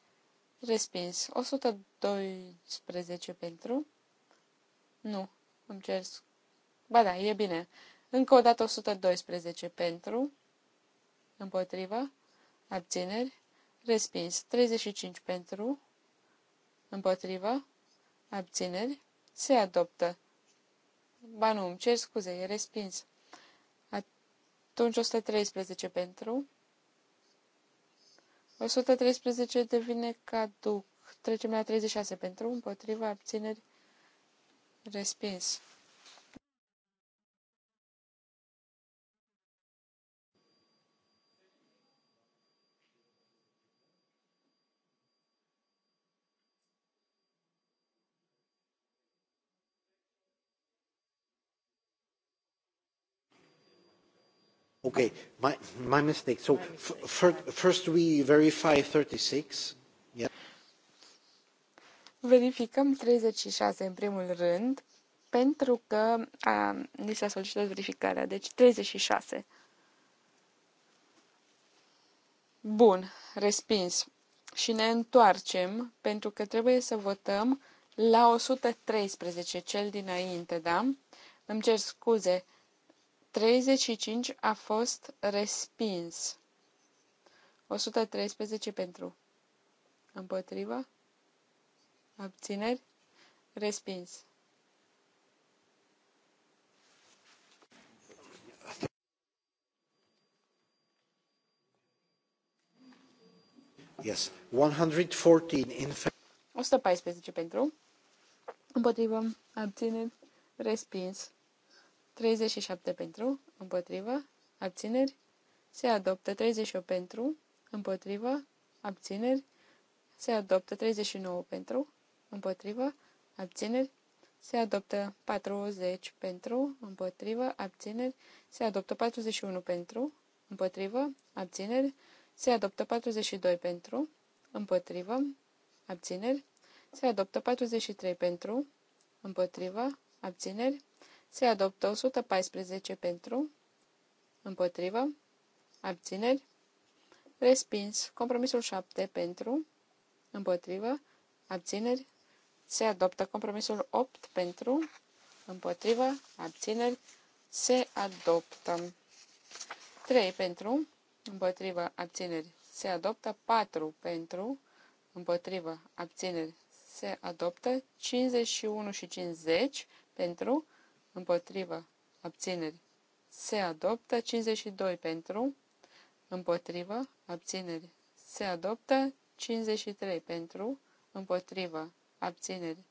Respins. 112 pentru. Nu. Îmi cer... Ba da, e bine. Încă o dată 112 pentru. Împotrivă. Abțineri. Respins. 35 pentru. Împotrivă. Abțineri. Se adoptă. Ba nu, îmi cer scuze, e respins. Atunci 113 pentru. 113 devine caduc. Trecem la 36 pentru, împotriva, abțineri, respins. Okay, my, my mistake. So my mistake. First, first we verify 36. Yeah. Verificăm 36 în primul rând, pentru că a, ni s-a solicitat verificarea. Deci 36. Bun, respins. Și ne întoarcem, pentru că trebuie să votăm la 113, cel dinainte, da? Îmi cer scuze. 35 a fost respins. 113 pentru. Împotrivă. Abțineri. Respins. Yes, 114 in 114 pentru. Împotrivă. Abțineri. Respins. 37 pentru, împotrivă, abțineri, se adoptă 38 pentru, împotrivă, abțineri, se adoptă 39 pentru, împotrivă, abțineri, se adoptă 40 pentru, împotrivă, abțineri, se adoptă 41 pentru, împotrivă, abțineri, se adoptă 42 pentru, împotrivă, abțineri, se adoptă 43 pentru, împotrivă, abțineri, se adoptă 114 pentru, împotrivă, abțineri, respins. Compromisul 7 pentru, împotrivă, abțineri, se adoptă. Compromisul 8 pentru, împotrivă, abțineri, se adoptă. 3 pentru, împotrivă, abțineri, se adoptă. 4 pentru, împotrivă, abțineri, se adoptă. 51 și 50 pentru, împotrivă, abțineri, se adoptă. 52 pentru, împotrivă, abțineri, se adoptă. 53 pentru, împotrivă, abțineri,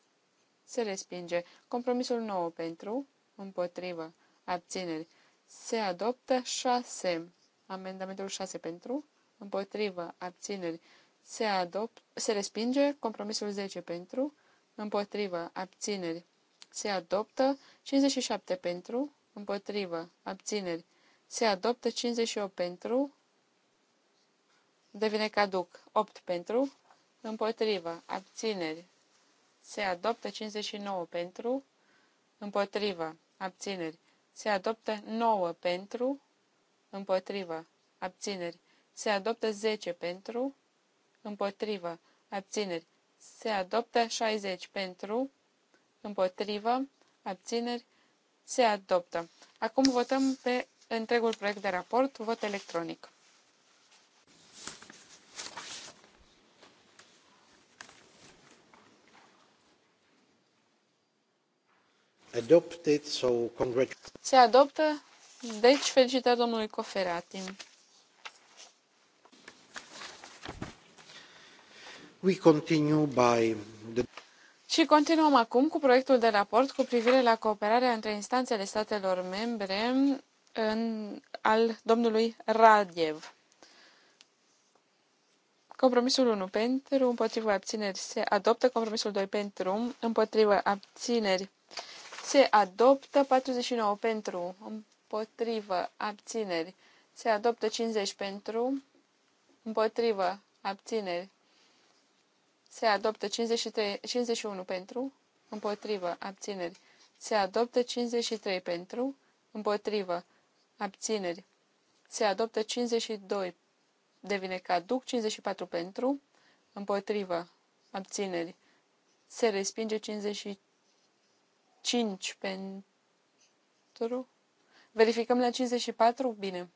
se respinge. Compromisul 9 pentru, împotrivă, abțineri, se adoptă. 6, amendamentul 6 pentru, împotrivă, abțineri, se, adopt, se respinge. Compromisul 10 pentru, împotrivă, abțineri, se adoptă. 57 pentru, împotrivă, abțineri, se adoptă. 58 pentru, devine caduc. 8 pentru, împotrivă, abțineri, se adoptă. 59 pentru, împotrivă, abțineri, se adoptă. 9 pentru, împotrivă, abțineri, se adoptă. 10 pentru, împotrivă, abțineri, se adoptă 60 pentru, împotrivă, abțineri, se adoptă. Acum votăm pe întregul proiect de raport, vot electronic. Adopted, so se adoptă, deci felicitări domnului Coferati. We continue by the... Și continuăm acum cu proiectul de raport cu privire la cooperarea între instanțele statelor membre în, al domnului Radiev. Compromisul 1 pentru, împotriva abțineri se adoptă. Compromisul 2 pentru, împotriva abțineri se adoptă. 49 pentru, împotriva abțineri se adoptă. 50 pentru, împotriva abțineri se adoptă 53, 51 pentru, împotrivă, abțineri. Se adoptă 53 pentru, împotrivă, abțineri. Se adoptă 52, devine caduc, 54 pentru, împotrivă, abțineri. Se respinge 55 pentru... Verificăm la 54? Bine.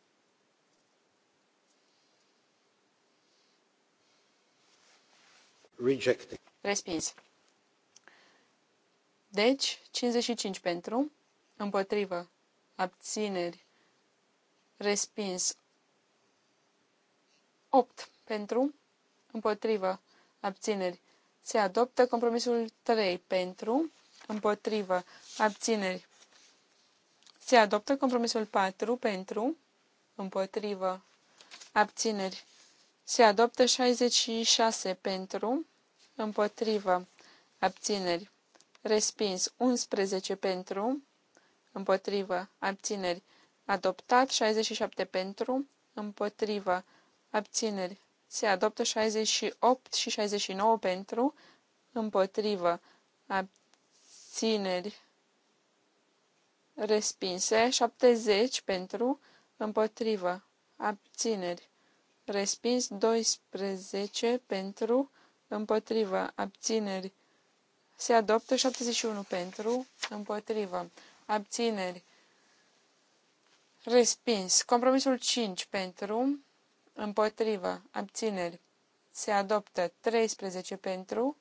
Respins. Deci, 55 pentru, împotrivă, abțineri, respins. 8 pentru, împotrivă, abțineri. Se adoptă compromisul 3 pentru, împotrivă, abțineri. Se adoptă compromisul 4 pentru, împotrivă, abțineri. Se adoptă 66 pentru, împotrivă, abțineri, respins 11 pentru, împotrivă, abțineri, adoptat 67 pentru, împotrivă, abțineri, se adoptă 68 și 69 pentru, împotrivă, abțineri, respinse 70 pentru, împotrivă, abțineri, respins 12 pentru, împotrivă, abțineri, se adoptă 71 pentru, împotrivă, abțineri, respins. Compromisul 5 pentru, împotrivă, abțineri, se adoptă 13 pentru,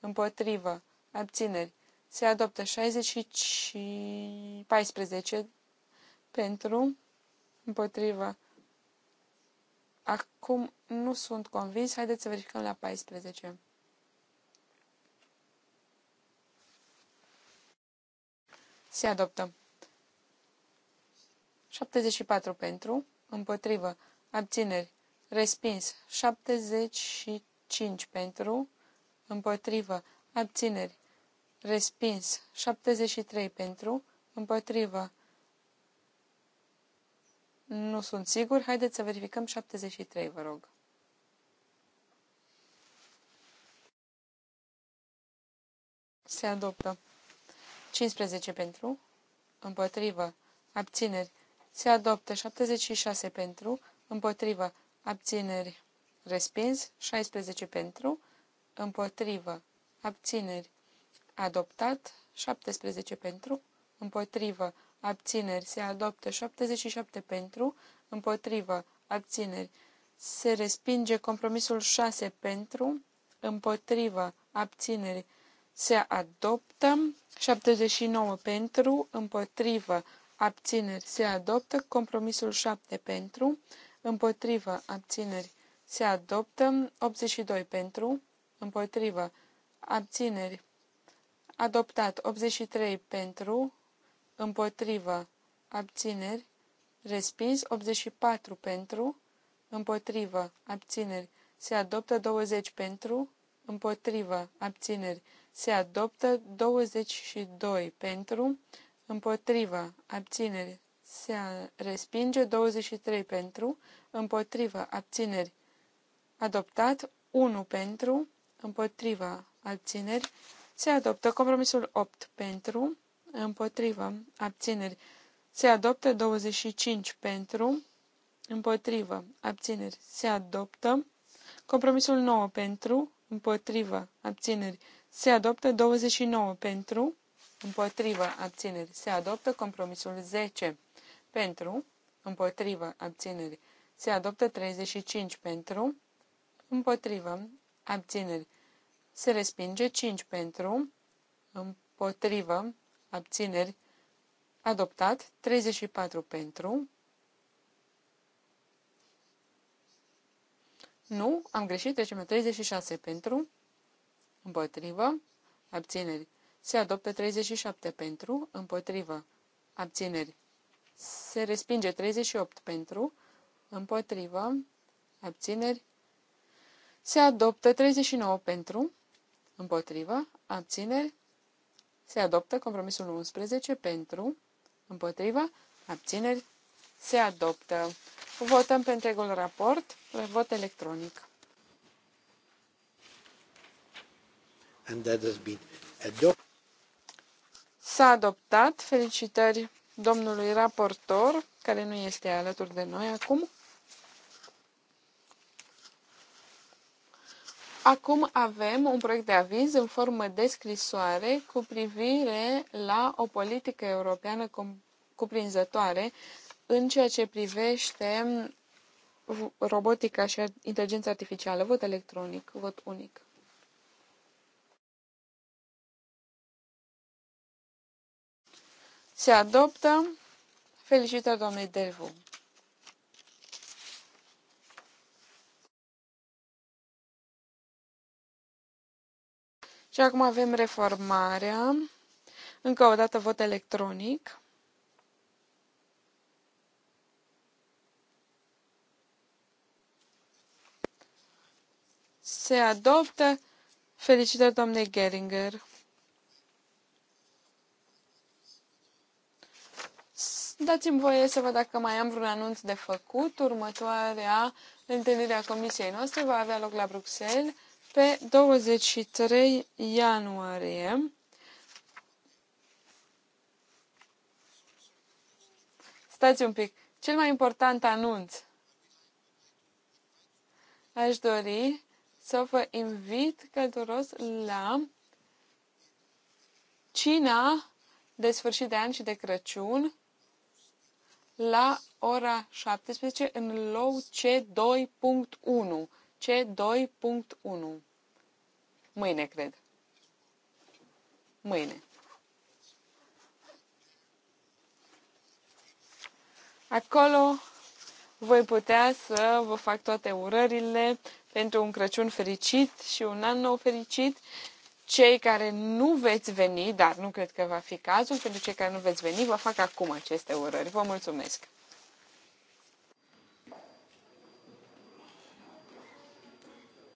împotrivă, abțineri, se adoptă 65, 14 pentru, împotrivă, Acum nu sunt convins. Haideți să verificăm la 14. Se adoptă. 74 pentru, împotrivă, abțineri, respins. 75 pentru, împotrivă, abțineri, respins. 73 pentru, împotrivă, nu sunt sigur. Haideți să verificăm 73, vă rog. Se adoptă. 15 pentru, împotrivă, abțineri. Se adoptă 76 pentru, împotrivă, abțineri. Respins 16 pentru, împotrivă, abțineri. Adoptat 17 pentru, împotrivă, abțineri se adoptă 77 pentru, împotrivă, abțineri se respinge compromisul 6 pentru, împotrivă, abțineri se adoptă 79 pentru, împotrivă, abțineri se adoptă compromisul 7 pentru, împotrivă, abțineri se adoptă 82 pentru, împotrivă, abțineri adoptat 83 pentru, împotrivă, abțineri, respins. 84 pentru, împotrivă, abțineri, se adoptă 20 pentru, împotrivă, abțineri, se adoptă 22 pentru, împotrivă, abțineri, se respinge 23 pentru, împotrivă, abțineri, adoptat 1 pentru, împotriva abțineri, se adoptă compromisul 8 pentru, împotrivă, abțineri. Se adoptă 25 pentru, împotrivă, abțineri. Se adoptă compromisul 9 pentru, împotrivă, abțineri. Se adoptă 29 pentru, împotrivă, abțineri. Se adoptă compromisul 10 pentru, împotrivă, abțineri. Se adoptă 35 pentru, împotrivă, abțineri. Se respinge 5 pentru, împotrivă, abțineri, adoptat, 34 pentru. Nu, am greșit, trecem la 36 pentru, împotrivă, abțineri, se adoptă 37 pentru, împotrivă, abțineri, se respinge 38 pentru, împotrivă, abțineri, se adoptă 39 pentru, împotrivă, abțineri, se adoptă compromisul 11 pentru, împotriva, abțineri, se adoptă. Votăm pe întregul raport, vot electronic. And that has been S-a adoptat. Felicitări domnului raportor, care nu este alături de noi acum. Acum avem un proiect de aviz în formă de scrisoare cu privire la o politică europeană cuprinzătoare în ceea ce privește robotica și inteligența artificială. Vot electronic, vot unic. Se adoptă. Felicitări, domnule Delvaux. Și acum avem reformarea. Încă o dată vot electronic. Se adoptă. Felicitări, domnule Geringer. Dați-mi voie să văd dacă mai am vreun anunț de făcut. Următoarea întâlnire a comisiei noastre va avea loc la Bruxelles pe 23 ianuarie. Stați un pic. Cel mai important anunț. Aș dori să vă invit călduros la cina de sfârșit de an și de Crăciun la ora 17 în low C2.1 C2.1. Mâine, cred. Mâine. Acolo voi putea să vă fac toate urările pentru un Crăciun fericit și un an nou fericit. Cei care nu veți veni, dar nu cred că va fi cazul, pentru cei care nu veți veni, vă fac acum aceste urări. Vă mulțumesc!